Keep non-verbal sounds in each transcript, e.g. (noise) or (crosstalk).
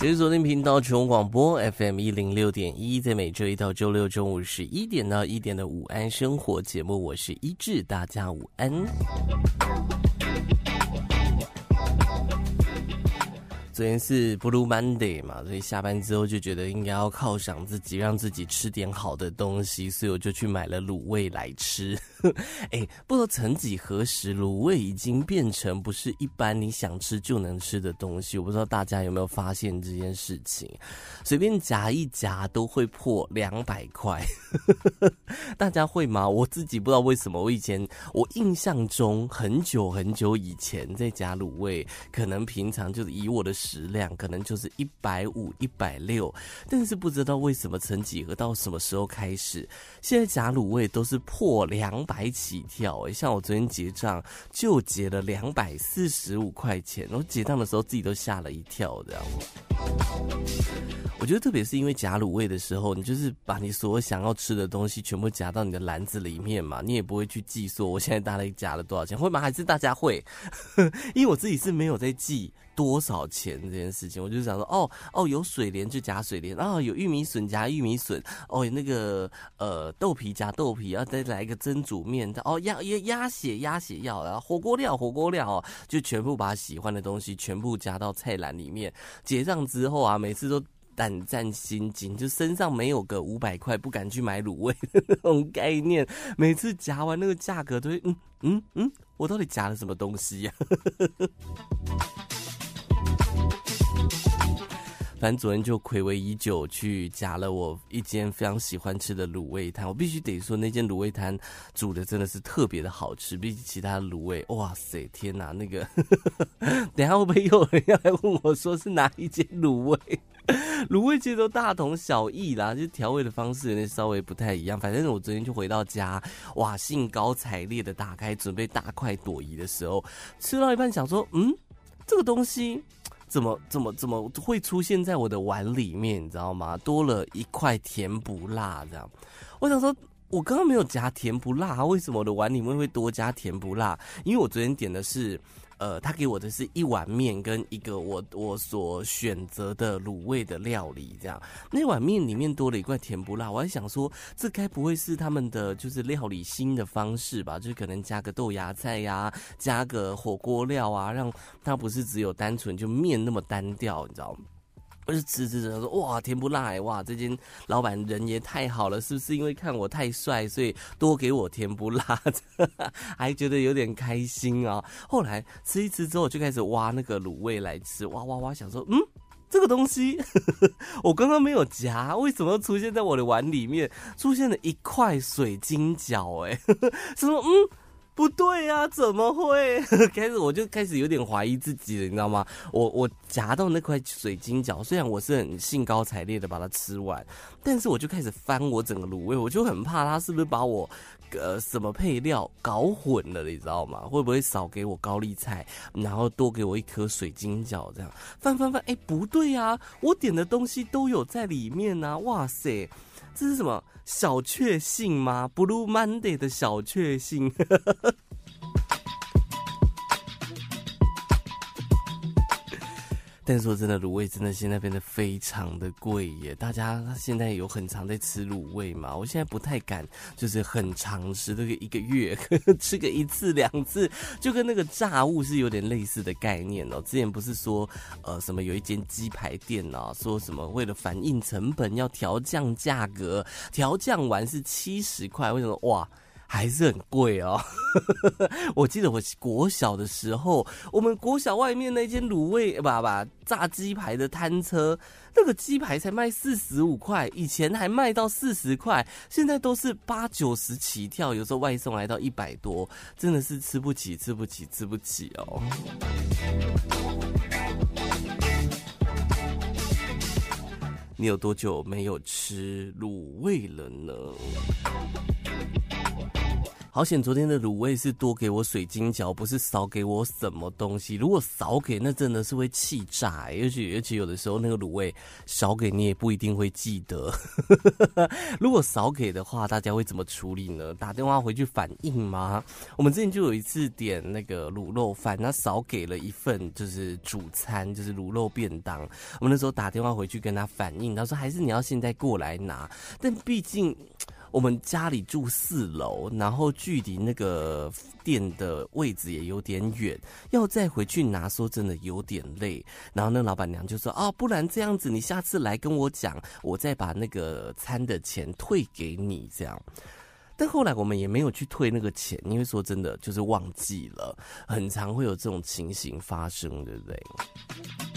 持續鎖定頻道，全國廣播 FM 一零六點一，在每周一到周六中午十一點到一點的午安生活節目，我是一誌，大家午安。昨天是 Blue Monday 嘛，所以下班之後就覺得應該要犒賞自己，讓自己吃點好的東西，所以我就去買了滷味來吃。哎、 (laughs) 欸，不知道曾幾何時，滷味已經變成不是一般你想吃就能吃的東西。我不知道大家有沒有發現這件事情，隨便夾一夾都會破兩百塊， (laughs) 大家會嗎？我自己不知道為什麼，我以前我印象中很久很久以前在夾滷味，可能平常就是以我的。質量可能就是一百五、一百六，但是不知道為什麼曾幾何到什麼時候開始，現在夾滷味都是破兩百起跳。像我昨天結賬就結了兩百四十五塊錢，然後結賬的時候自己都嚇了一跳。這樣，我覺得特別是因為夾滷味的時候，你就是把你所想要吃的東西全部夾到你的籃子裡面嘛，你也不會去計說我現在大概夾了多少錢？會嗎？還是大家會？ (laughs) 因為我自己是沒有在記。多少錢這件事情，我就想說，哦哦，有水蓮就夾水蓮，然、哦、後有玉米筍夾玉米筍，哦，那個呃豆皮夾豆皮，然後再來一個蒸煮麵，哦，鴨鴨鴨血鴨血要，啊火鍋料火鍋料哦，就全部把喜歡的東西全部夾到菜籃裡面，結賬之後啊，每次都膽戰心驚，就身上沒有個五百塊不敢去買滷味那種概念，每次夾完那個價格都會嗯嗯嗯，我到底夾了什麼東西呀、啊？ (laughs) 反正昨天就睽違已久，去夾了我一間非常喜歡吃的滷味攤。我必須得說，那間滷味攤煮的真的是特別的好吃，比起其他滷味，哇塞，天哪！那個，呵呵等一下會不會有人要來問我說是哪一間滷味？滷味其實都大同小異啦，就是調味的方式有點稍微不太一樣。反正我昨天就回到家，哇，興高采烈的打開準備大快朵頤的時候，吃到一半想說，嗯，這個東西。怎麼怎麼怎麼會出現在我的碗裡面？你知道嗎？多了一塊甜不辣這樣。我想說，我剛剛沒有加甜不辣，為什麼我的碗裡面會多加甜不辣？因為我昨天點的是。呃，他給我的是一碗麵跟一個我我所選擇的滷味的料理，這樣。那碗麵裡面多了一塊甜不辣，我還想說，這該不會是他們的就是料理新的方式吧？就是可能加個豆芽菜呀、啊，加個火鍋料啊，讓它不是只有單純就麵那麼單調，你知道嗎？我就吃吃吃，他說：“哇，甜不辣哎、欸，哇，這間老板人也太好了，是不是？因為看我太帥，所以多給我甜不辣呵呵，還覺得有點開心啊。”後來吃一吃之後，就開始挖那個滷味來吃，哇哇哇，想說：“嗯，這個東西，呵呵我剛剛沒有夾，為什麼出現在我的碗裡面？出現了一塊水晶餃、欸，哎，是說嗯。”不對啊，怎麼會？開始我就開始有點懷疑自己了，你知道嗎？我我夾到那塊水晶餃，雖然我是很興高采烈的把它吃完，但是我就開始翻我整個滷味，我就很怕它是不是把我呃什麼配料搞混了，你知道嗎？會不會少給我高麗菜，然後多給我一顆水晶餃這樣？翻翻翻，欸，不對啊，我點的東西都有在裡面啊！哇塞！這是什麼小確幸嗎？Blue Monday 的小確幸。哈哈哈哈但是說真的，滷味真的現在變得非常的貴耶！大家現在有很常在吃滷味嘛？我現在不太敢，就是很常吃這個一個月，呵呵吃個一次兩次，就跟那個炸物是有點類似的概念哦、喔。之前不是說，呃，什麼有一間雞排店哦、喔，說什麼為了反映成本要調降價格，調降完是七十塊，為什麼哇？還是很貴哦， (laughs) 我記得我國小的時候，我們國小外面那間滷味，爸爸炸雞排的攤車，那個雞排才賣四十五塊，以前還賣到四十塊，現在都是八九十起跳，有時候外送來到一百多，真的是吃不起，吃不起，吃不起哦。你有多久沒有吃滷味了呢？好險，昨天的滷味是多給我水晶餃，不是少給我什麼東西。如果少給，那真的是會氣炸、欸。而且而且，尤其有的時候那個滷味少給你也不一定會記得。 (laughs) 如果少給的話，大家會怎麼處理呢？打電話回去反映嗎？我們之前就有一次點那個滷肉飯，他少給了一份，就是主餐，就是滷肉便當。我們那時候打電話回去跟他反映，他說還是你要現在過來拿。但畢竟。我們家裡住四樓，然後距離那個店的位置也有點遠，要再回去拿，說真的有點累。然後那老板娘就說：“哦，不然這樣子，你下次來跟我講，我再把那個餐的錢退給你。”這樣。但後來我們也沒有去退那個錢，因為說真的就是忘記了。很常會有這種情形發生，對不對？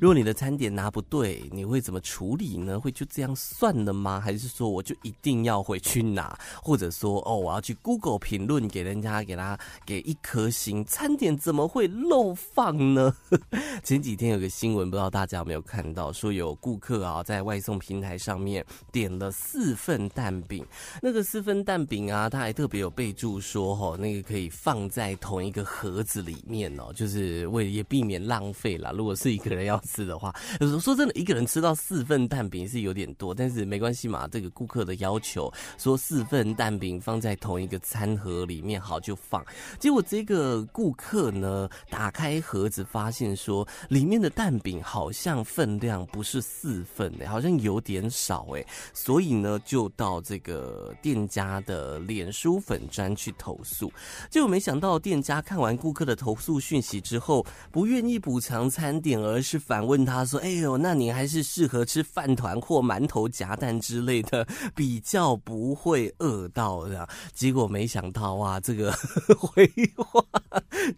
如果你的餐點拿不對，你會怎麼處理呢？會就這樣算了嗎？還是說我就一定要回去拿？或者說哦，我要去 Google 評論，給人家給他給一顆星？餐點怎麼會漏放呢？ (laughs) 前幾天有個新聞，不知道大家有沒有看到？說有顧客啊，在外送平台上面點了四份蛋餅，那個四份蛋餅啊，他還特別有備注說，哦，那個可以放在同一個盒子裡面哦，就是為了也避免浪費啦。如果是一個人要。吃的話，有時候說真的，一個人吃到四份蛋餅是有點多，但是沒關係嘛。這個顧客的要求說四份蛋餅放在同一個餐盒裡面，好就放。結果這個顧客呢，打開盒子發現說裡面的蛋餅好像分量不是四份，欸，哎，好像有點少，欸，哎，所以呢就到這個店家的臉書粉專去投訴。結果沒想到店家看完顧客的投訴訊息之後，不願意補償餐點，而是反。問他說：“哎呦，那你還是適合吃飯糰或饅頭夾蛋之類的，比較不會餓到的。”結果沒想到啊，這個回話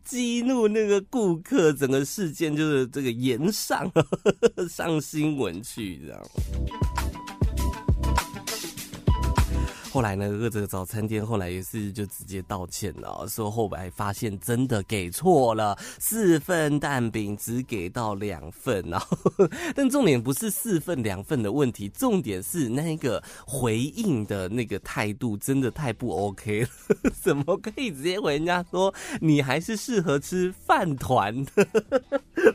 激怒那個顧客，整個事件就是這個延上上新聞去，知道嗎？後來呢，那個早餐店後來也是就直接道歉了，喔，說後來發現真的給錯了四份蛋餅，只給到兩份呵，喔，但重點不是四份兩份的問題，重點是那個回應的那個態度真的太不 OK 了。怎麼可以直接回人家說你還是適合吃飯團的？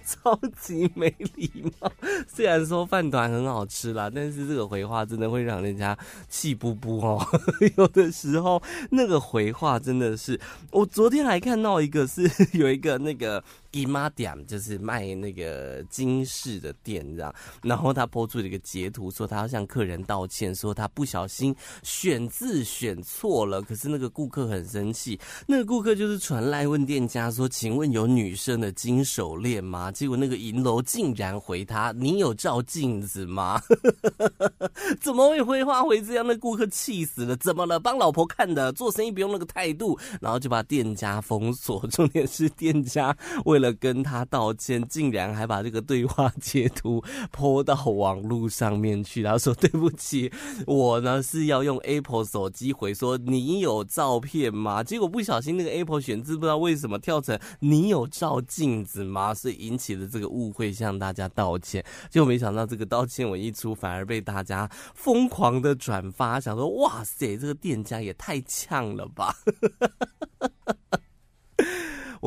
超級沒禮貌。雖然說飯團很好吃啦，但是這個回話真的會讓人家氣噗噗哦。 (laughs) 有的時候，那個回話真的是，我昨天還看到一個，是有一個那個。姨媽店就是賣那個金飾的店，這樣，然後他 PO 出了一個截圖，說他要向客人道歉，說他不小心選字選錯了。可是那個顧客很生氣，那個顧客就是傳 LINE 問店家說：“請問有女生的金手鏈嗎？”結果那個銀樓竟然回他：“你有照鏡子嗎？ (laughs) 怎麼會回話回這樣，那顧客氣死了，怎麼了？幫老婆看的，做生意不用那個態度。然後就把店家封鎖。重點是店家為了。跟他道歉，竟然還把這個對話截圖 PO 到網絡上面去。然後說：“對不起，我呢是要用 Apple 手機回說你有照片嗎？”結果不小心那個 Apple 選字不知道為什麼跳成“你有照鏡子嗎”，所以引起了這個誤會，向大家道歉。結果沒想到這個道歉文一出，反而被大家瘋狂的轉發，想說：“哇塞，這個店家也太嗆了吧！” (laughs)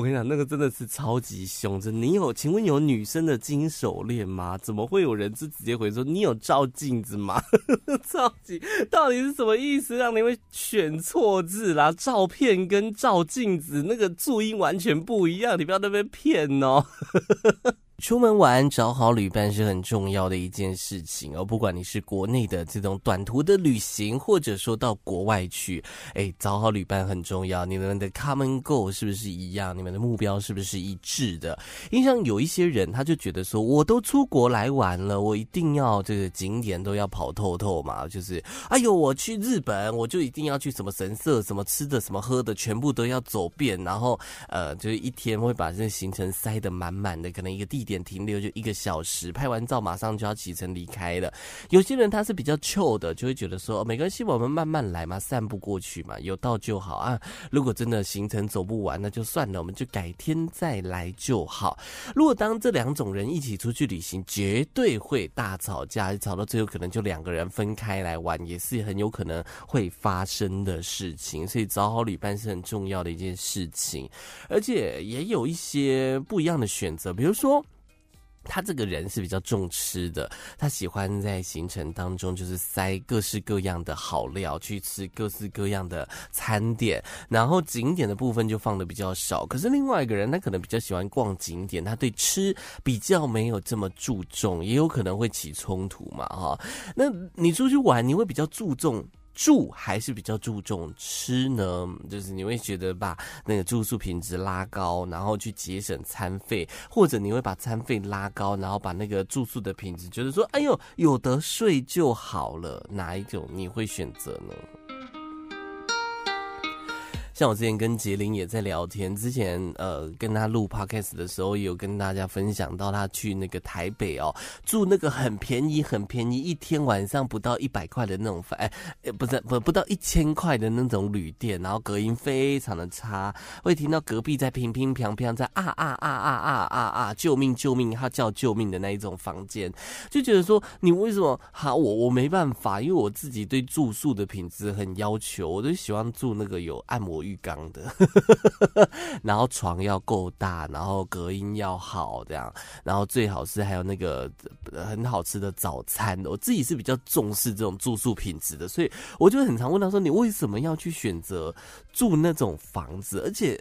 我跟你講，那個真的是超級兇！真的，你有請問有女生的金手鏈嗎？怎麼會有人是直接回說你有照鏡子嗎？ (laughs) 超級到底是什麼意思？讓你會選錯字啦？照片跟照鏡子那個注音完全不一樣，你不要在那邊騙哦！ (laughs) 出門玩找好旅伴是很重要的一件事情哦，而不管你是國內的這種短途的旅行，或者說到國外去，哎、欸，找好旅伴很重要。你們的 common goal 是不是一樣？你們的目標是不是一致的？印象有一些人他就覺得說，我都出國來玩了，我一定要這個景點都要跑透透嘛，就是哎呦，我去日本，我就一定要去什麼神社，什麼吃的、什麼喝的，全部都要走遍，然後呃，就是一天會把這些行程塞得滿滿的，可能一個地點停留就一個小時，拍完照馬上就要啟程離開了。有些人他是比較 chill 的，就會覺得說沒關係，我們慢慢來嘛，散步過去嘛，有到就好啊。如果真的行程走不完，那就算了，我們就改天再來就好。如果當這兩種人一起出去旅行，絕對會大吵架，吵到最後可能就兩個人分開來玩，也是很有可能會發生的事情。所以找好旅伴是很重要的一件事情，而且也有一些不一樣的選擇，比如說。他這個人是比較重吃的，他喜歡在行程當中就是塞各式各樣的好料，去吃各式各樣的餐點，然後景點的部分就放得比較少。可是另外一個人，他可能比較喜歡逛景點，他對吃比較沒有這麼注重，也有可能會起衝突嘛，哈。那你出去玩，你會比較注重？住還是比較注重吃呢？就是你會覺得把那個住宿品質拉高，然後去節省餐費，或者你會把餐費拉高，然後把那個住宿的品質，覺得說，哎呦，有得睡就好了，哪一種你會選擇呢？像我之前跟杰林也在聊天，之前呃跟他錄 podcast 的時候，有跟大家分享到他去那個台北哦，住那個很便宜很便宜，一天晚上不到一百塊的那種房，哎、欸，不是不不，不到一千塊的那種旅店，然後隔音非常的差，會聽到隔壁在乒乒乓乓在啊啊，啊啊啊啊啊啊，救命救命，他叫救命的那一種房間，就覺得說你為什麼哈我我沒辦法，因為我自己對住宿的品質很要求，我都喜歡住那個有按摩椅。浴缸的，然後床要夠大，然後隔音要好，這樣，然後最好是還有那個很好吃的早餐的。我自己是比較重視這種住宿品質的，所以我就很常問他說：“你為什麼要去選擇住那種房子？”而且。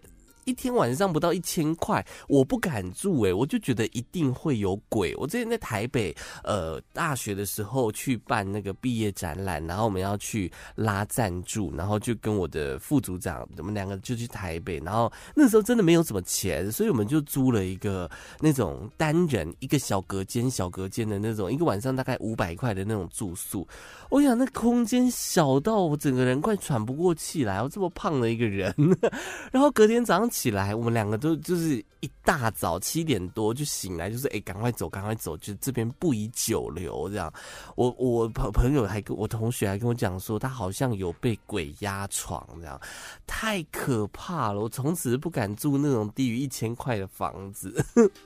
一天晚上不到一千塊，我不敢住誒、欸，我就覺得一定會有鬼。我之前在台北，呃，大學的時候去辦那個畢業展覽，然後我們要去拉贊助，然後就跟我的副組長，我們兩個就去台北，然後那時候真的沒有什麼錢，所以我們就租了一個那種單人一個小隔間、小隔間的那種，一個晚上大概五百塊的那種住宿。我想那空間小到我整個人快喘不過氣來，我這麼胖的一個人。 (laughs) 然後隔天早上起來，我們兩個都就是一大早七點多就醒來，就是哎趕快走，趕快走，就這邊不宜久留這樣。我我朋朋友還跟我同學還跟我講說，他好像有被鬼壓床這樣，太可怕了，我從此不敢住那種低於一千塊的房子。 (laughs)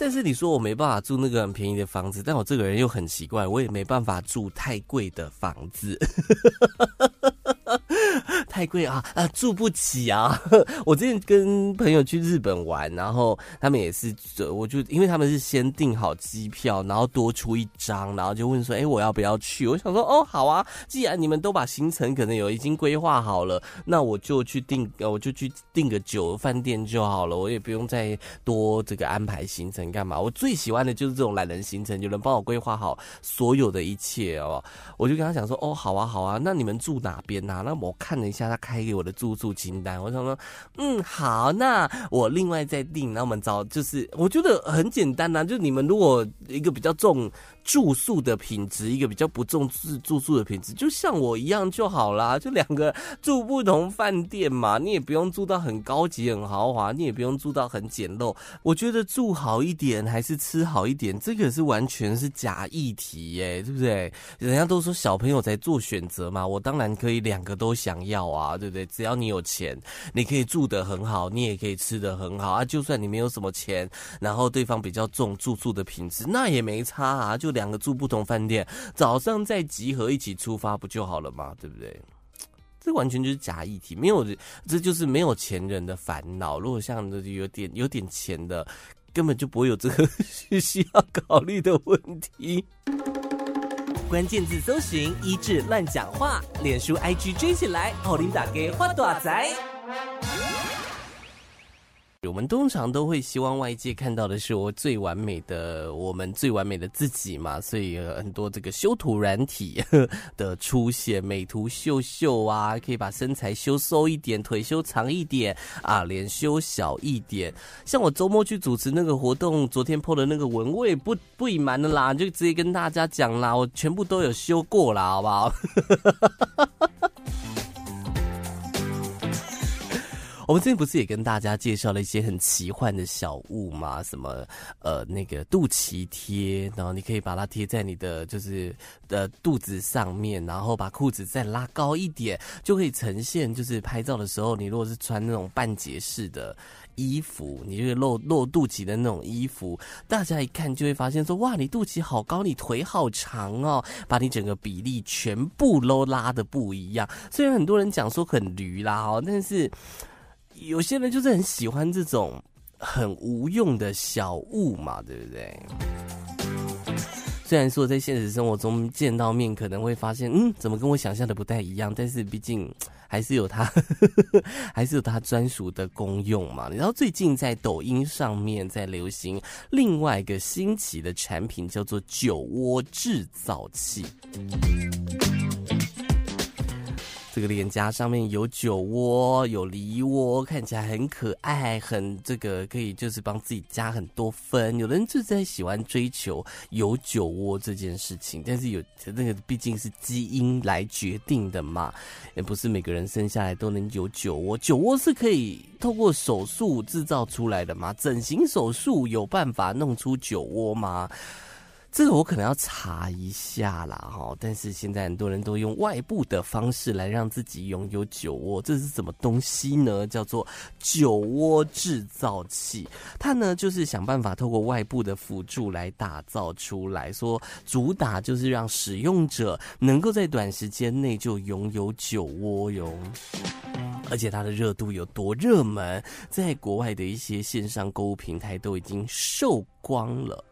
但是你說我沒辦法住那個很便宜的房子，但我這個人又很奇怪，我也沒辦法住太貴的房子。 (laughs) 太貴啊啊，住不起啊！ (laughs) 我之前跟朋友去日本玩，然後他們也是，我就因為他們是先訂好機票，然後多出一張，然後就問說：“哎，我要不要去？”我想說：“哦，好啊，既然你們都把行程可能有已經規劃好了，那我就去訂，我就去訂個酒飯店就好了，我也不用再多這個安排行程幹嘛。我最喜歡的就是這種懶人行程，就能幫我規劃好所有的一切哦。我就跟他講說：“哦，好啊，好啊，那你們住哪邊呢？啊？那我。”我看了一下他開給我的住宿清單，我想說，嗯，好，那我另外再訂。那我們找，就是我覺得很簡單吶、啊，就你們如果一個比較重。住宿的品質，一個比較不重視住宿的品質，就像我一樣就好啦。就兩個住不同飯店嘛，你也不用住到很高級、很豪華，你也不用住到很簡陋。我覺得住好一點還是吃好一點，這個是完全是假議題耶、欸，對不對？人家都說小朋友才做選擇嘛，我當然可以兩個都想要啊，對不對？只要你有錢，你可以住得很好，你也可以吃得很好啊。就算你沒有什麼錢，然後對方比較重住宿的品質，那也沒差啊，就。兩個住不同飯店，早上再集合一起出發不就好了嗎？對不對？這完全就是假議題，沒有，這就是沒有錢人的煩惱。如果像這有點有點錢的，根本就不會有這個 (laughs) 需要考慮的問題。關鍵字搜尋：1誌亂講話，臉書 IG 追起來，好林打給花大仔。我們通常都會希望外界看到的是我最完美的，我們最完美的自己嘛。所以有很多這個修圖軟體的出現，美圖秀秀啊，可以把身材修瘦一點，腿修長一點啊，臉修小一點。像我周末去主持那個活動，昨天 po 的那個文，我也不不隱瞞的啦，就直接跟大家講啦，我全部都有修過啦，好不好？ (laughs) 我們之前不是也跟大家介紹了一些很奇幻的小物嗎？什麼呃，那個肚臍貼，然後你可以把它貼在你的就是呃肚子上面，然後把褲子再拉高一點，就可以呈現就是拍照的時候，你如果是穿那種半截式的衣服，你就是露露肚臍的那種衣服，大家一看就會發現說：哇，你肚臍好高，你腿好長哦，把你整個比例全部都拉得不一樣。雖然很多人講說很驢啦，哦，但是。有些人就是很喜歡這種很無用的小物嘛，對不對？雖然說在現實生活中見到面可能會發現，嗯，怎麼跟我想象的不太一樣，但是畢竟還是有它，呵呵還是有它專屬的功用嘛。然後最近在抖音上面在流行另外一個新奇的產品，叫做“酒窩製造器”。這個臉頰上面有酒窩，有梨窩，看起來很可愛，很這個可以就是幫自己加很多分。有的人就在喜歡追求有酒窩這件事情，但是有那個畢竟是基因來決定的嘛，也不是每個人生下來都能有酒窩。酒窩是可以透過手術製造出來的嘛。整形手術有辦法弄出酒窩嗎？這個我可能要查一下啦，哈！但是現在很多人都用外部的方式來讓自己擁有酒窩，這是什麼東西呢？叫做酒窩製造器，它呢就是想辦法透過外部的輔助來打造出來，說主打就是讓使用者能夠在短時間內就擁有酒窩喲。而且它的熱度有多熱門，在國外的一些線上購物平台都已經售光了。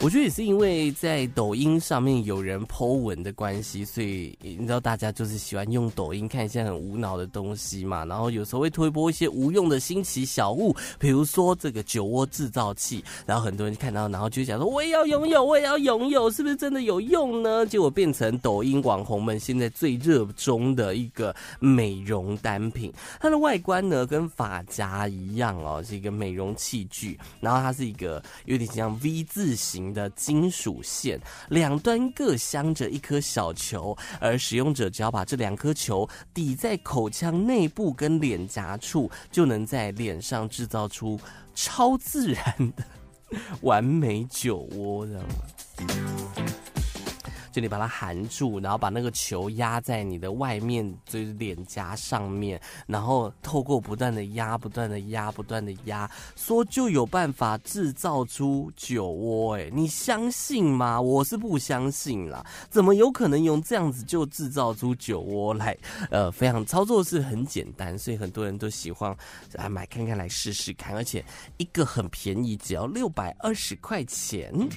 我覺得也是因為在抖音上面有人 po 文的關係，所以你知道大家就是喜歡用抖音看一些很無腦的東西嘛，然後有時候會推播一些無用的新奇小物，比如說這個酒窩制造器，然後很多人就看到，然後就想說我也要擁有，我也要擁有，是不是真的有用呢？結果變成抖音網紅們現在最熱衷的一個美容單品。它的外觀呢跟髮夾一樣哦、喔，是一個美容器具，然後它是一個有點像 V 字形的。的金屬線，兩端各鑲着一顆小球，而使用者只要把這兩顆球抵在口腔內部跟臉頰處，就能在臉上製造出超自然的完美酒窩，就你把它含住，然後把那個球壓在你的外面，就是臉頰上面，然後透過不斷的壓、不斷的壓、不斷的壓，說就有辦法制造出酒窩。哎，你相信嗎？我是不相信了，怎麼有可能用這樣子就製造出酒窩來？呃，非常操作是很簡單，所以很多人都喜歡來買看看，來試試看，而且一個很便宜，只要六百二十塊錢。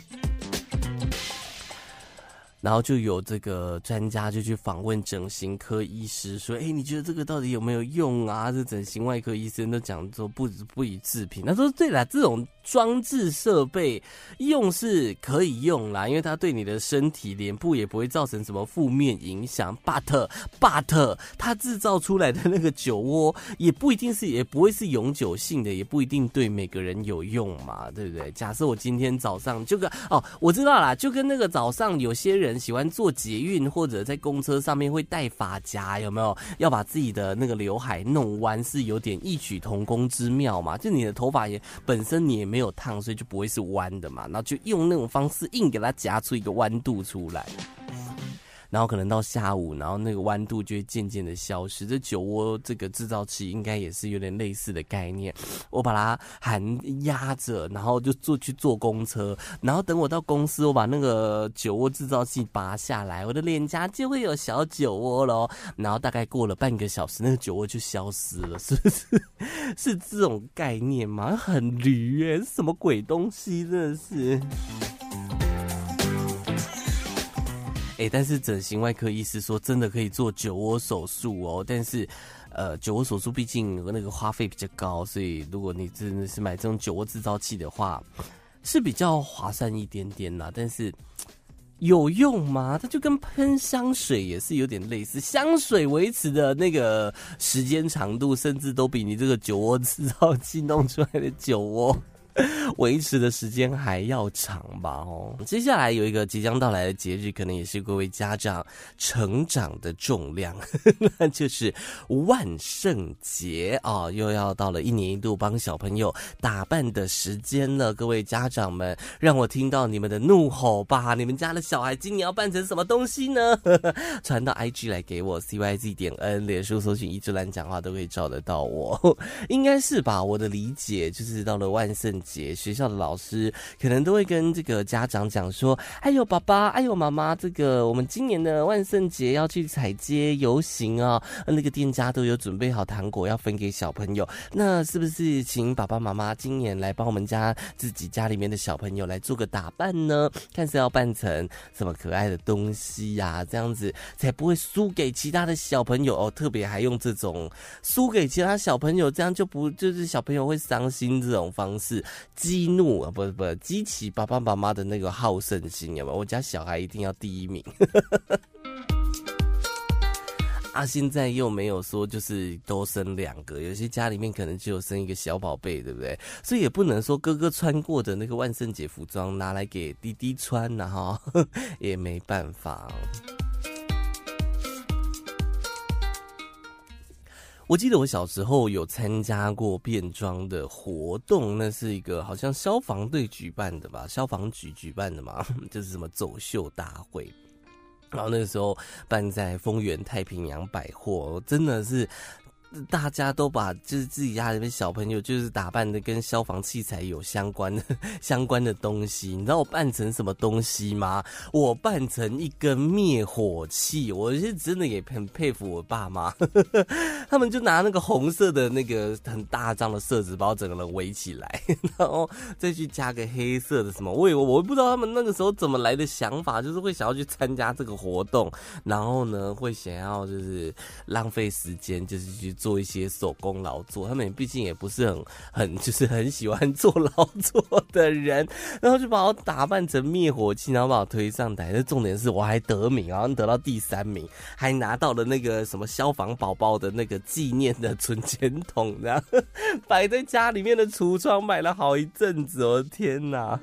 然後就有這個專家就去訪問整形科醫師，說：“哎，你覺得這個到底有沒有用啊？”這整形外科醫生都講說不，不予置評，他說對啦，這種。裝置設備用是可以用啦，因為它對你的身體臉部也不會造成什麼負面影響。But but 它製造出來的那個酒窩也不一定是，也不會是永久性的，也不一定對每個人有用嘛，對不對？假設我今天早上就跟哦，我知道啦，就跟那個早上有些人喜歡坐捷運或者，在公車上面會戴髮夾，有沒有？要把自己的那個劉海弄彎，是有點異曲同工之妙嘛？就你的頭髮也本身你也。沒有燙，所以就不會是彎的嘛，然後就用那種方式硬給它夾出一個彎度出來。然後可能到下午，然後那個彎度就會漸漸的消失。這酒窩這個製造器應該也是有點類似的概念。我把它含壓着，然後就坐去坐公車，然後等我到公司，我把那個酒窩製造器拔下來，我的臉頰就會有小酒窩嘍。然後大概過了半個小時，那個酒窩就消失了，是不是？是這種概念嗎？很驢耶，什麼鬼東西，真的是。欸，但是整形外科醫師說，真的可以做酒窩手術哦。但是，呃，酒窩手術畢竟那個花費比較高，所以如果你真的是買這種酒窩製造器的話，是比較划算一點點啦。但是有用嗎？它就跟噴香水也是有點類似，香水維持的那個時間長度，甚至都比你這個酒窩製造器弄出來的酒窩。維持的時間還要長吧哦。接下來有一個即將到來的節日，可能也是各位家長成長的重量，呵呵，那就是萬聖節啊、哦！又要到了一年一度幫小朋友打扮的時間了，各位家長們，讓我聽到你們的怒吼吧！你們家的小孩今年要扮成什麼東西呢？呵呵，傳到 IG 來給我 C Y Z 點 N，臉書搜尋1誌亂講話都可以找得到我，應該是吧？我的理解就是到了萬聖。節學校的老師可能都會跟這個家長講說：“哎呦，爸爸，哎呦，媽媽，這個我們今年的萬聖節要去踩街遊行啊！那個店家都有準備好糖果要分給小朋友。那是不是請爸爸媽媽今年來幫我們家自己家裡面的小朋友來做個打扮呢？看是要扮成什麼可愛的東西呀？這樣子才不會輸給其他的小朋友哦。特別還用這種輸給其他小朋友，這樣就不就是小朋友會傷心這種方式。”激怒啊，不不，激起爸爸媽媽的那個好勝心，有沒有？我家小孩一定要第一名。 (laughs) 啊，現在又沒有說就是多生兩個，有些家裡面可能只有生一個小寶貝，對不對？所以也不能說哥哥穿過的那個萬聖節服裝拿來給弟弟穿吶，哈， (laughs) 也沒辦法。我記得我小時候有參加過變裝的活動，那是一個好像消防隊舉辦的吧，消防局舉辦的嘛，就是什麼走秀大會，然後那個時候辦在豐原太平洋百貨，真的是。大家都把就是自己家裡面小朋友就是打扮的跟消防器材有相關的相關的東西，你知道我扮成什麼東西嗎？我扮成一根滅火器，我是真的也很佩服我爸媽，呵呵，他們就拿那個紅色的那個很大張的色紙把我整個人圍起來，然後再去加個黑色的什麼，我也我我不知道他們那個時候怎麼來的想法，就是會想要去參加這個活動，然後呢，會想要就是浪費時間，就是去。做一些手工勞作，他們畢竟也不是很很就是很喜歡做勞作的人，然後就把我打扮成滅火器，然後把我推上台。那重點是我還得名，然後得到第三名，還拿到了那個什麼消防寶寶的那個紀念的存錢筒，然後擺在家裡面的櫥窗，買了好一陣子哦，天哪！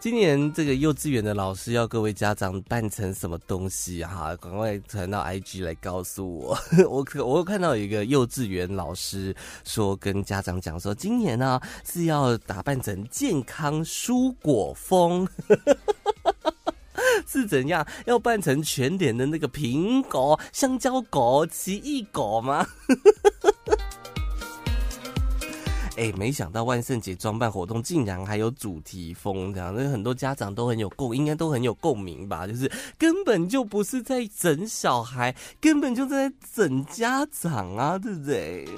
今年這個幼稚園的老師要各位家長扮成什麼東西哈、啊？趕快傳到 IG 來告訴我。我我看到有一個幼稚園老師說跟家長講說，今年呢、啊、是要打扮成健康蔬果風， (laughs) 是怎樣？要扮成全臉的那個蘋果、香蕉、狗、奇異果嗎？ (laughs) 哎，沒想到萬聖節裝扮活動竟然還有主題風這樣，那很多家長都很有共，應該都很有共鳴吧？就是根本就不是在整小孩，根本就在整家長啊，對不對？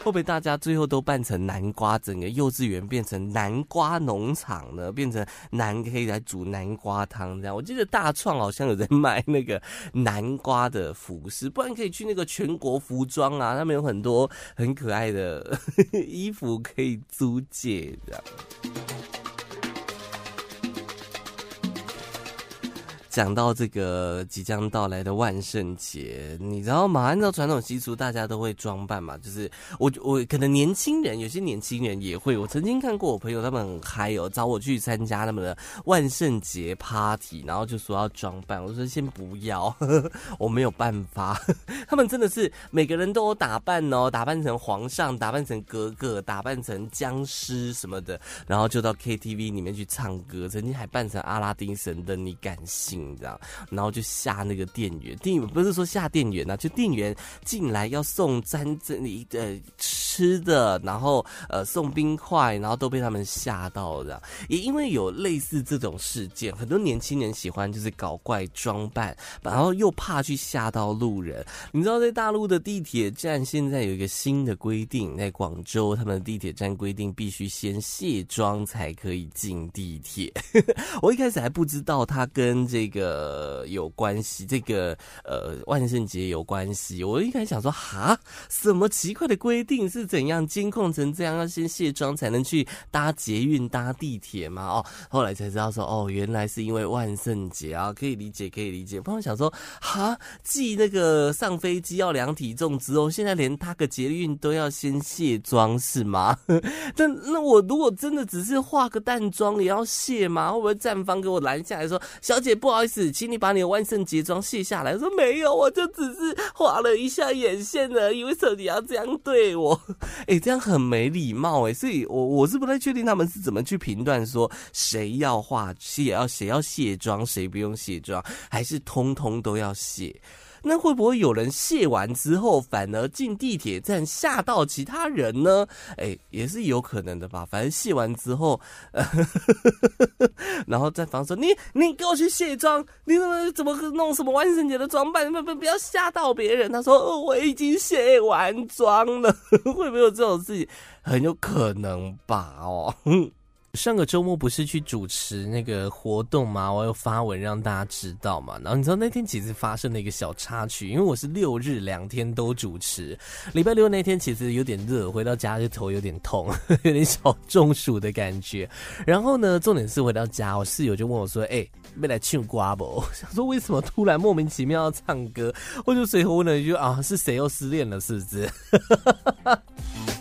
會不會大家最後都扮成南瓜，整個幼稚園變成南瓜農場呢？變成南可以來煮南瓜湯這樣。我記得大創好像有人賣那個南瓜的服飾，不然可以去那個全國服裝啊，他們有很多很可愛的呵呵衣服可以租借的。講到這個即將到來的萬聖節，你知道嗎？按照傳統習俗，大家都會裝扮嘛。就是我我可能年輕人，有些年輕人也會。我曾經看過我朋友他們很嗨哦，找我去參加他們的萬聖節 party，然後就說要裝扮。我說先不要呵呵，我沒有辦法呵。他們真的是每個人都有打扮哦，打扮成皇上，打扮成格格，打扮成僵屍什麼的，然後就到 KTV 裡面去唱歌。曾經還扮成阿拉丁神燈，你敢信？你知道，然後就嚇那個店員，店員不是說嚇店員啊，就店員進來要送粘這裡的吃的，然後呃送冰塊，然後都被他們嚇到了，這樣。也因為有類似這種事件，很多年輕人喜歡就是搞怪裝扮，然後又怕去嚇到路人。你知道，在大陸的地鐵站現在有一個新的規定，在廣州他們的地鐵站規定必須先卸妝才可以進地鐵。 (laughs) 我一開始還不知道他跟這個。這個有關係，這個呃萬聖節有關係。我一開始想說，哈，什麼奇怪的規定？是怎樣監控成這樣？要先卸妝才能去搭捷運搭地鐵嗎？哦，後來才知道說，哦，原來是因為萬聖節啊，可以理解，可以理解。朋友想說，哈，繼那個上飛機要量體重之後，現在連搭個捷運都要先卸妝是嗎？那 (laughs) 那我如果真的只是化個淡妝，也要卸嗎？會不會站方給我攔下來說，小姐不好？開始，請你把你的萬聖節妝卸下來。說沒有，我就只是畫了一下眼線呢，為什麼你要這樣對我？誒、欸，這樣很沒禮貌誒、欸，所以我，我我是不太確定他們是怎麼去評斷，說誰要畫卸，要誰要卸妝，誰不用卸妝，還是通通都要卸。那會不會有人卸完之後，反而進地鐵站嚇到其他人呢？誒，也是有可能的吧。反正卸完之後，呵呵呵然後再防說，你你給我去卸妝，你怎麼怎麼弄什麼萬聖節的裝扮？不不不要嚇到別人。他說、哦、我已經卸完妝了，呵呵會不會有這種事情，很有可能吧？哦。上個周末不是去主持那個活動嗎？我有發文讓大家知道嘛。然後你知道那天其實發生了一個小插曲，因為我是六日兩天都主持，禮拜六那天其實有點熱，回到家就頭有點痛，有點小中暑的感覺。然後呢，重點是回到家，我室友就問我說：“哎、欸，要來唱歌不？”我想說為什麼突然莫名其妙要唱歌，我就隨口問了一句：“啊，是誰又失戀了，是不是？” (laughs)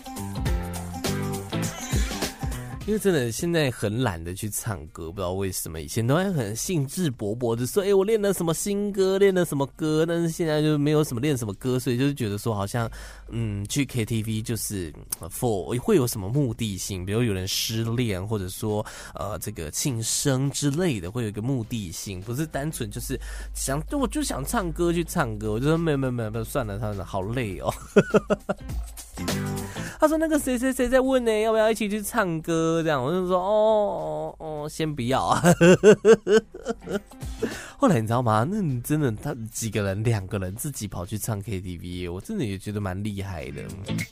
因為真的現在很懶得去唱歌，不知道為什麼。以前都還很興致勃勃的說：“哎、欸，我練了什麼新歌，練了什麼歌。”但是現在就沒有什麼練什麼歌，所以就是覺得說，好像嗯，去 KTV 就是 for 會有什麼目的性，比如有人失戀，或者說呃這個慶生之類的，會有一個目的性，不是單純就是想就我就想唱歌去唱歌。我就說沒有沒有沒有，算了，他說好累哦。 (laughs) 他說那個誰誰誰在問呢，要不要一起去唱歌？這樣我就說哦哦，先不要啊！ (laughs) 後來你知道嗎？那你真的他幾個人兩個人自己跑去唱 KTV，我真的也覺得蠻厲害的。 (laughs)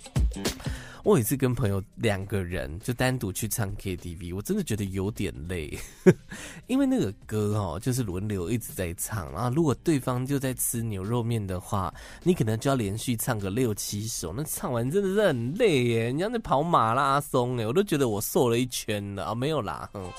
我也是跟朋友兩個人就單獨去唱 KTV，我真的覺得有點累，呵呵，因為那個歌哦，就是輪流一直在唱，然、啊、後如果對方就在吃牛肉麵的話，你可能就要連續唱個六七首，那唱完真的是很累耶，人家在跑馬拉松哎，我都覺得我瘦了一圈了啊，沒有啦，哼、嗯。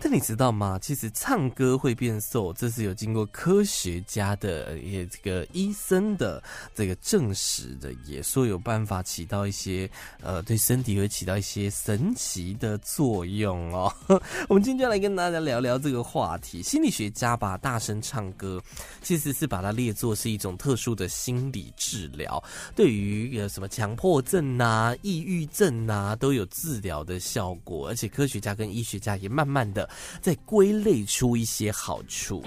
但你知道嗎？其實唱歌會變瘦，這是有經過科學家的也這個醫生的這個證實的，也說有辦法起到一些呃對身體會起到一些神奇的作用哦。 (laughs) 我們今天就來跟大家聊聊這個話題。心理學家把大聲唱歌其實是把它列作是一種特殊的心理治療，對於呃什麼強迫症啊、抑鬱症啊都有治療的效果，而且科學家跟醫學家也慢慢的，再歸類出一些好處，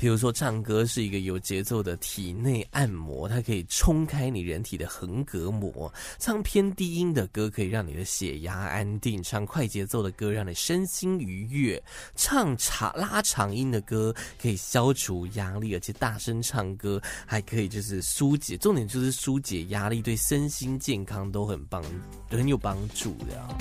比如說唱歌是一個有節奏的體內按摩，它可以衝開你人體的橫膈膜，唱偏低音的歌可以讓你的血壓安定，唱快節奏的歌讓你身心愉悅，唱長拉長音的歌可以消除壓力，而且大聲唱歌還可以就是疏解，重點就是疏解壓力，對身心健康都很幫很有幫助的。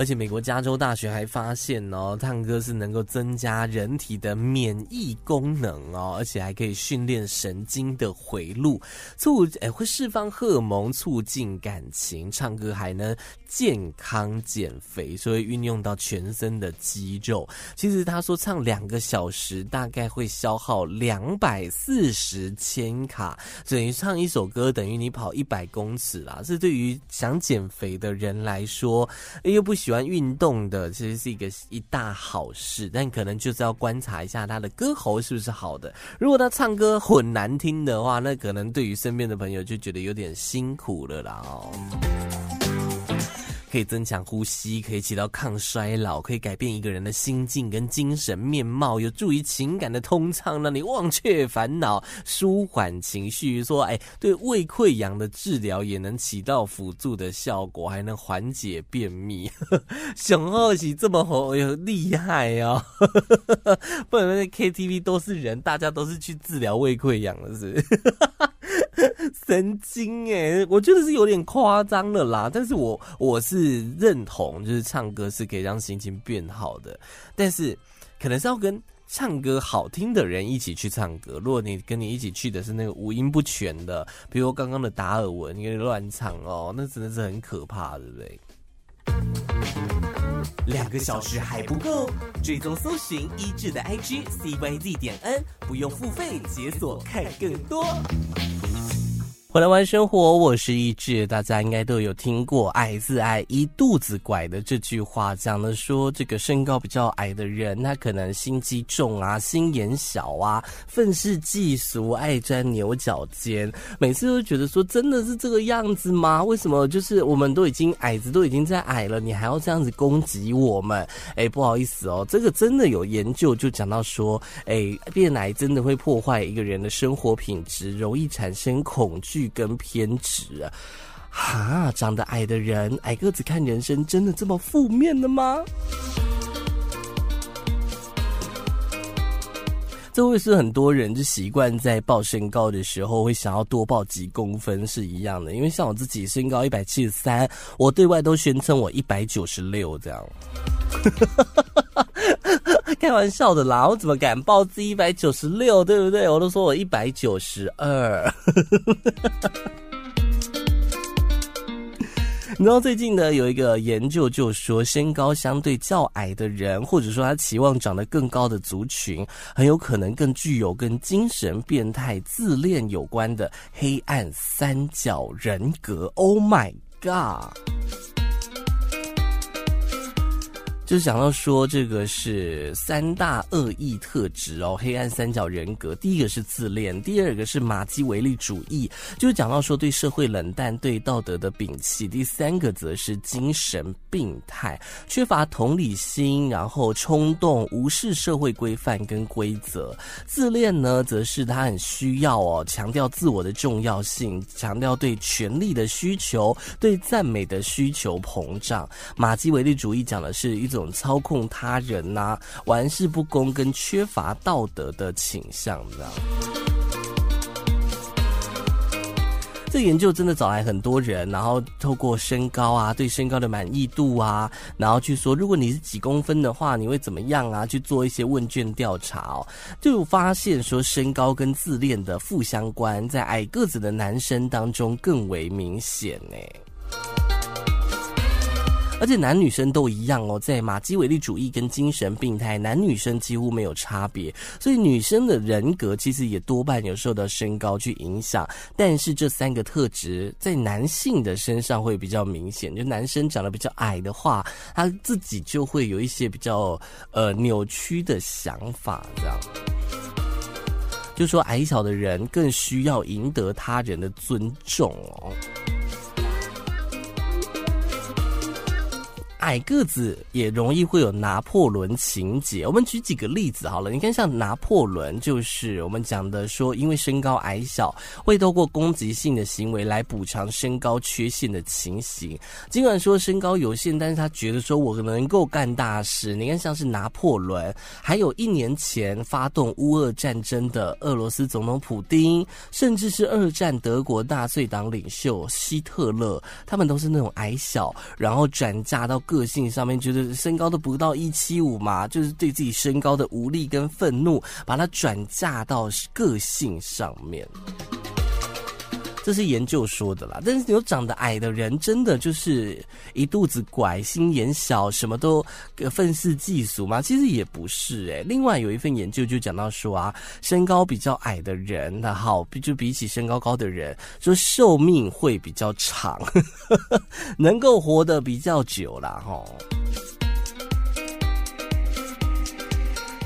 而且美國加州大學還發現哦，唱歌是能夠增加人體的免疫功能哦，而且還可以訓練神經的回路，促、欸、會釋放荷爾蒙，促進感情。唱歌還能健康減肥，所以運用到全身的肌肉。其實他說唱兩個小時大概會消耗兩百四十千卡，等於唱一首歌等於你跑一百公尺啦。這對於想減肥的人來說，欸、又不喜。喜歡運動的其實是一個一大好事，但可能就是要觀察一下他的歌喉是不是好的。如果他唱歌很難聽的話，那可能對於身邊的朋友就覺得有點辛苦了啦。可以增強呼吸，可以起到抗衰老，可以改變一個人的心境跟精神面貌，有助於情感的通暢，讓你忘卻煩惱，舒緩情緒。說，哎、欸，對胃潰瘍的治療也能起到輔助的效果，還能緩解便秘。熊二喜這麼紅，呦，厲害哦！呵呵呵，不然那 KTV 都是人，大家都是去治療胃潰瘍的是？呵呵神經哎，我覺得是有點誇張了啦。但是我我是認同，就是唱歌是可以讓心情變好的。但是可能是要跟唱歌好聽的人一起去唱歌。如果你跟你一起去的是那個五音不全的，比如剛剛的達爾文，你有點亂唱哦，那真的是很可怕，對不對？兩個小時還不夠，追蹤搜尋一誌的 IG CYZ 點 N，不用付費解鎖看更多。回來玩生活，我是一志。大家應該都有聽過“矮子矮一肚子拐”的這句話，講的說這個身高比較矮的人，他可能心機重啊，心眼小啊，憤世嫉俗，愛鑽牛角尖。每次都覺得說，真的是這個樣子嗎？為什麼就是我們都已經矮子都已經在矮了，你還要這樣子攻擊我們？哎，不好意思哦，這個真的有研究，就講到說，哎，變矮真的會破壞一個人的生活品質，容易產生恐懼。跟偏執啊！哈，長得矮的人，矮個子看人生真的這麼負面的嗎？ (music) 這會是很多人就習慣在報身高的時候會想要多報幾公分是一樣的，因為像我自己身高一百七十三，我對外都宣稱我一百九十六這樣。 (laughs) 開玩笑的啦，我怎麼敢報自己一百九十六，對不對？我都說我一百九十二。然 (laughs) 後最近呢，有一個研究，就說身高相對較矮的人，或者說他期望長得更高的族群，很有可能更具有跟精神變態、自戀有關的黑暗三角人格。Oh my god！就講到說，這個是三大惡意特質哦，黑暗三角人格。第一個是自戀，第二個是馬基維利主義，就是講到說對社會冷淡、對道德的摒棄。第三個則是精神病態，缺乏同理心，然後衝動，無視社會規範跟規則。自戀呢，則是他很需要哦，強調自我的重要性，強調對權力的需求、對讚美的需求膨脹。馬基維利主義講的是一種。操控他人吶、啊，玩世不恭跟缺乏道德的傾向，這樣。這研究真的找來很多人，然後透過身高啊，對身高的滿意度啊，然後去說，如果你是幾公分的話，你會怎麼樣啊？去做一些問卷調查、哦、就發現說身高跟自戀的負相關，在矮個子的男生當中更為明顯呢。而且男女生都一樣哦，在馬基維利主義跟精神病態，男女生幾乎沒有差別。所以女生的人格其實也多半有受到身高去影響。但是這三個特質在男性的身上會比較明顯，就男生長得比較矮的話，他自己就會有一些比較呃扭曲的想法，這樣。就說矮小的人更需要贏得他人的尊重哦。矮個子也容易會有拿破崙情結。我們舉幾個例子好了，你看像拿破崙，就是我們講的說，因為身高矮小，會透過攻擊性的行為來補償身高缺陷的情形。儘管說身高有限，但是他覺得說我能夠幹大事。你看像是拿破崙，還有一年前發動烏俄戰爭的俄羅斯總統普丁，甚至是二戰德國納粹黨領袖希特勒，他們都是那種矮小，然後轉嫁到。個性上面，覺得身高都不到一七五嘛，就是對自己身高的無力跟憤怒，把它轉嫁到個性上面。這是研究說的啦，但是有長得矮的人，真的就是一肚子拐，心眼小，什麼都憤世嫉俗嗎？其實也不是哎、欸。另外有一份研究就講到說啊，身高比較矮的人，那、啊、好，就比起身高高的人，說壽命會比較長，呵呵，能夠活得比較久啦。吼。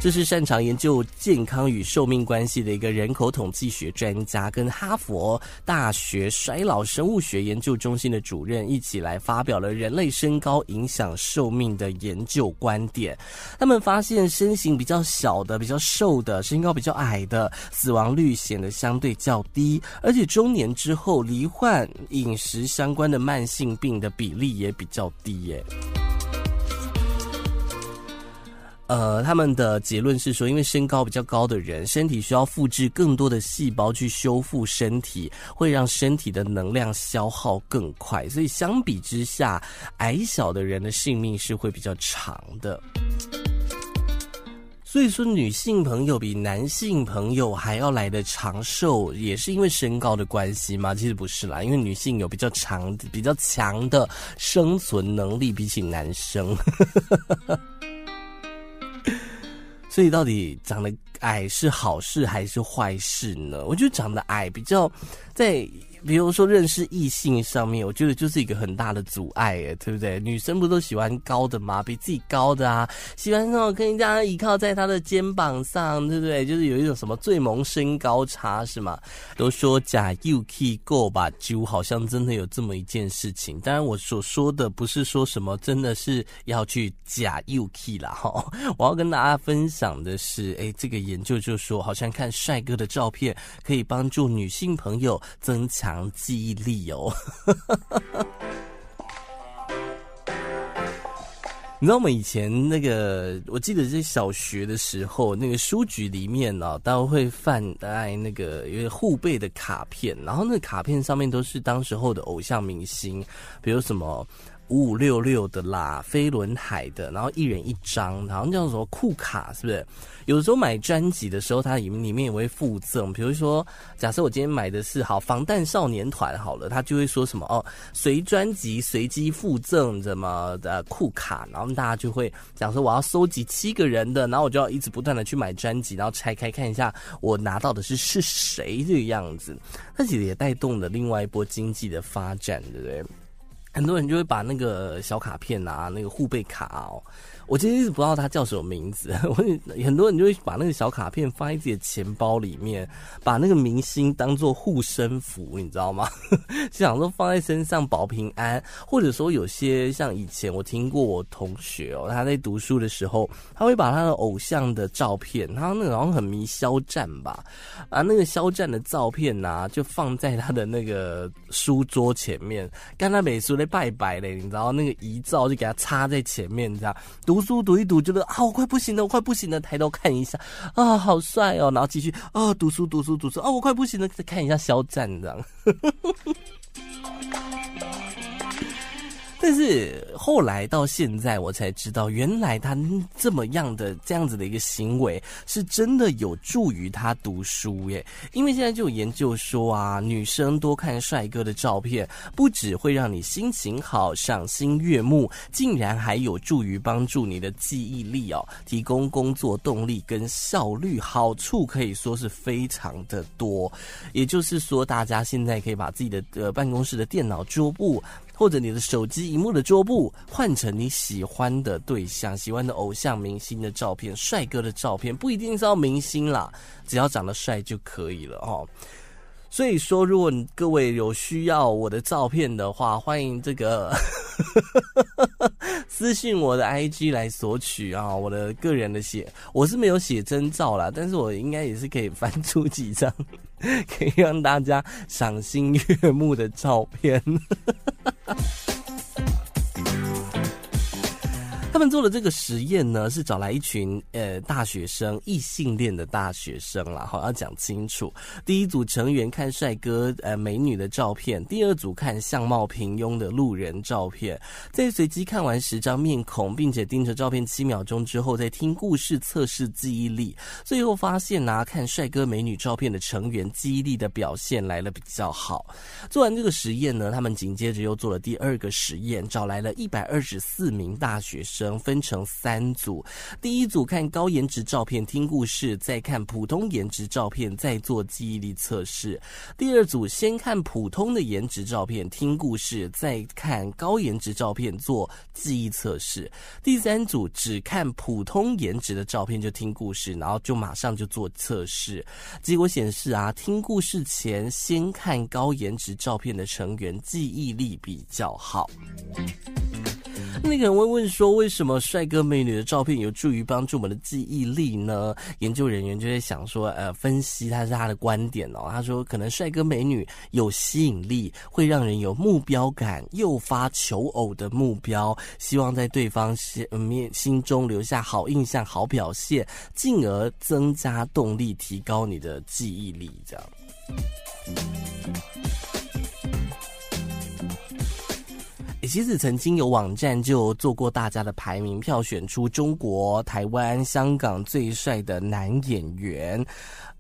這是擅長研究健康與壽命關係的一個人口統計學專家，跟哈佛大學衰老生物學研究中心的主任一起來發表了人類身高影響壽命的研究觀點。他們發現，身形比較小的、比較瘦的、身高比較矮的，死亡率顯得相對較低，而且中年之後罹患飲食相關的慢性病的比例也比較低耶。呃，他們的結論是說，因為身高比較高的人，身體需要複製更多的細胞去修復身體，會讓身體的能量消耗更快，所以相比之下，矮小的人的性命是會比較長的。所以說，女性朋友比男性朋友還要來得長壽，也是因為身高的關係嗎？其實不是啦，因為女性有比較長、比較強的生存能力，比起男生。 (laughs) 所以到底長得矮是好事還是壞事呢？我覺得長得矮比較，在。比如說認識異性上面，我覺得就是一個很大的阻礙，哎，對不對？女生不都喜歡高的嗎？比自己高的啊，喜歡那種跟人家依靠在他的肩膀上，對不對？就是有一種什麼最萌身高差，是嗎？都說假 UK 夠吧，就 (music) (music) (music) 好像真的有這麼一件事情。當然，我所說的不是說什麼真的是要去假 UK 啦齁。我要跟大家分享的是，哎，這個研究就說，好像看帥哥的照片可以幫助女性朋友增強。記憶力哦， (laughs) 你知道嗎？以前那個，我記得是小學的時候，那個書局裡面哦，都會放在那個有些護貝的卡片，然後那個卡片上面都是當時候的偶像明星，比如什麼。五五六六的啦，飛輪海的，然後一人一張，然後叫什麼酷卡，是不是？有的時候買專輯的時候，它裡裡面也會附贈，比如說，假設我今天買的是好防彈少年團好了，他就會說什麼哦，隨專輯隨機附贈什麼的酷卡，然後大家就會講說我要收集七個人的，然後我就要一直不斷的去買專輯，然後拆開看一下我拿到的是是誰這個樣子，那其實也帶動了另外一波經濟的發展，對不對？很多人就會把那個小卡片啊，那個護貝卡哦、啊。我今天一直不知道他叫什麼名字，我很多人就會把那個小卡片放在自己的錢包裡面，把那個明星當做護身符，你知道嗎？ (laughs) 就想說放在身上保平安，或者說有些像以前我聽過我同學哦、喔，他在讀書的時候，他會把他的偶像的照片，他那個好像很迷肖戰吧，啊，那個肖戰的照片吶、啊，就放在他的那個書桌前面，干他美術的拜拜嘞，你知道那個遺照就給他插在前面這樣。讀書讀一讀，覺得啊，我快不行了，我快不行了。抬頭看一下，啊，好帥哦，然後繼續啊，讀書讀書讀書啊，我快不行了，再看一下肖戰這樣。 (laughs) 但是後來到現在，我才知道，原來他這麼樣的這樣子的一個行為，是真的有助於他讀書耶。因為現在就有研究說啊，女生多看帥哥的照片，不只會讓你心情好、賞心悅目，竟然還有助於幫助你的記憶力哦，提供工作動力跟效率，好處可以說是非常的多。也就是說，大家現在可以把自己的呃辦公室的電腦桌布，或者你的手機熒幕的桌布換成你喜歡的對象、喜歡的偶像明星的照片、帥哥的照片，不一定是要明星啦，只要長得帥就可以了哦、喔。所以說，如果各位有需要我的照片的話，歡迎這個 (laughs) 私訊我的 IG 來索取啊、喔，我的個人的寫，我是沒有寫真照啦，但是我應該也是可以翻出幾張可以讓大家賞心悅目的照片。他們做的這個實驗呢，是找來一群呃大學生，異性戀的大學生啦，好，要講清楚，第一組成員看帥哥、呃美女的照片，第二組看相貌平庸的路人照片。在隨機看完十張面孔，並且盯着照片七秒鐘之後，再聽故事測試記憶力。最後發現呢、啊，看帥哥、美女照片的成員記憶力的表現來了比較好。做完這個實驗呢，他們緊接着又做了第二個實驗，找來了一百二十四名大學生。能分成三組，第一組看高顏值照片，聽故事，再看普通顏值照片，再做記憶力測試；第二組先看普通的顏值照片，聽故事，再看高顏值照片，做記憶測試；第三組只看普通顏值的照片，就聽故事，然後就馬上就做測試。結果顯示啊，聽故事前先看高顏值照片的成員記憶力比較好。那個人會問說，為什為什麼帥哥美女的照片有助於幫助我們的記憶力呢？研究人員就在想說，呃，分析他是他的觀點哦。他說，可能帥哥美女有吸引力，會讓人有目標感，誘發求偶的目標，希望在對方心面心中留下好印象、好表現，進而增加動力，提高你的記憶力，這樣。其實曾經有網站就做過大家的排名，票選出中國、台灣、香港最帥的男演員。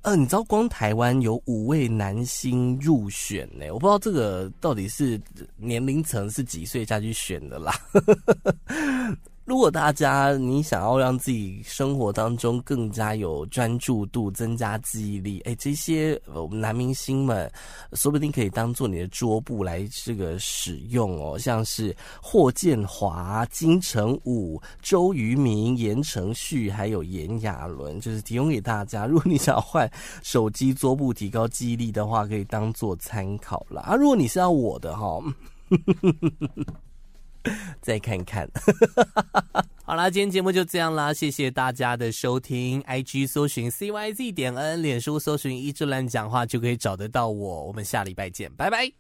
呃，你知道光台灣有五位男星入選呢、欸，我不知道這個到底是年齡層是幾歲下去選的啦。 (laughs) 如果大家你想要讓自己生活當中更加有專注度、增加記憶力，誒、欸、這些我們男明星們說不定可以當做你的桌布來這個使用哦，像是霍建華、金城武、周渝民、言承旭，還有炎亞綸，就是提供給大家。如果你想換手機桌布，提高記憶力的話，可以當做參考啦。啊，如果你是要我的哈。 (laughs) (laughs) 再看看， (laughs) 好啦，今天節目就這樣啦，謝謝大家的收聽。I G 搜尋 C Y Z 點 N，臉書搜尋「1誌亂講話」就可以找得到我。我們下禮拜見，拜拜。